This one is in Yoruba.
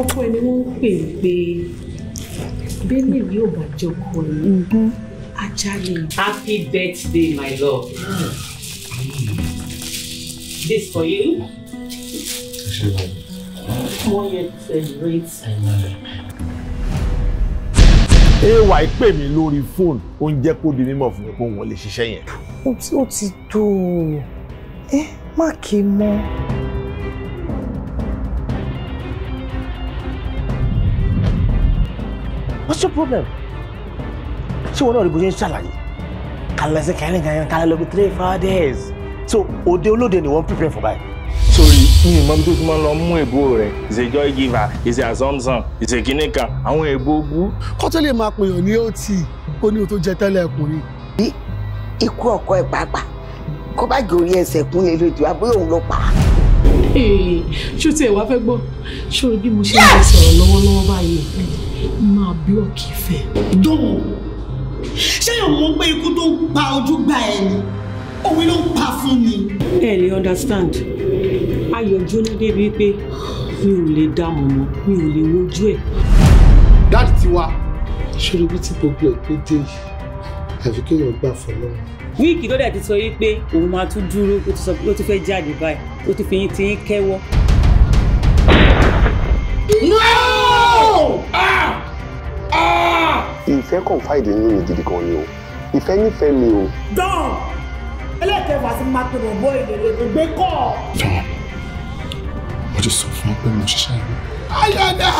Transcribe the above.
ọkọ ẹni wọ́n ń pè pé bẹ́ẹ̀ni yóò bá jọkọ ẹ ajali. happy birthday my love mm. this for you one year to celebrate. ay pè mí lórí fóònù ó ń jẹ́ kó di mímọ̀ fún mi kó wọ́n lè ṣiṣẹ́ yẹn. ó ti tó ẹ má kí n mọ́. what's your problem? ṣé wọn náà rí bó ṣe ń ṣàlàyé kàlẹ́ sí kẹ́rin kẹ́rin kàlẹ́ lọ bí three four days so òde olóde ni wọ́n prepare for báyìí. sori mi ò mọ bí tó ti máa ń lọ mú èbó rẹ ìṣe joy giver ìṣe assumption ìṣe kínní kan àwọn èbó bú. kọ́tọ́ lè máa pèèyàn ní ọtí ó ní o tó jẹ tẹ́lẹ̀ ẹkùnrin. bí ikú ọkọ ẹ pàápàá kó bá jòrí ẹsẹ̀ kúnlẹ̀ lójú abúlé òun ló pa á ṣó tiẹ̀ wá fẹ́ gbọ́ ṣó bí mo ṣe ń sọ̀rọ̀ lọ́wọ́lọ́wọ́ báyìí máa blọ́ọ̀kì ìfẹ́. dóhùn ṣé yóò mọ̀ pé ikú tó ń pa ojú gba ẹ ni òun ló ń pa fún mi. ẹ understand ayọ̀ jóná débi pé mi ò lè dá mọ̀ mọ́ mi ò lè wojú ẹ̀. dáàdì tiwa. ṣòro bí tí gbogbo ẹ̀ pé dé yìí àfi kéèyàn gbà fọlọ́. wíìkì ló dẹ̀ ti sọ yìí pé òun máa tún dúró ó ti sọ pé ó ti fẹ́ jáde báyìí ó ti fi yín ti yín kẹ́wọ́. No! ìfẹ́ confide nínú mi gidi kan ni o ìfẹ́ nífẹ̀ẹ́ mi o. dán ẹlẹ́kẹ̀fà sí máa pè wọ́n bọ́ ìdèrè tó gbé kọ́. dán mo ti sọ fún ọ pé mo ṣiṣẹ́ rẹ. ayọ̀dà.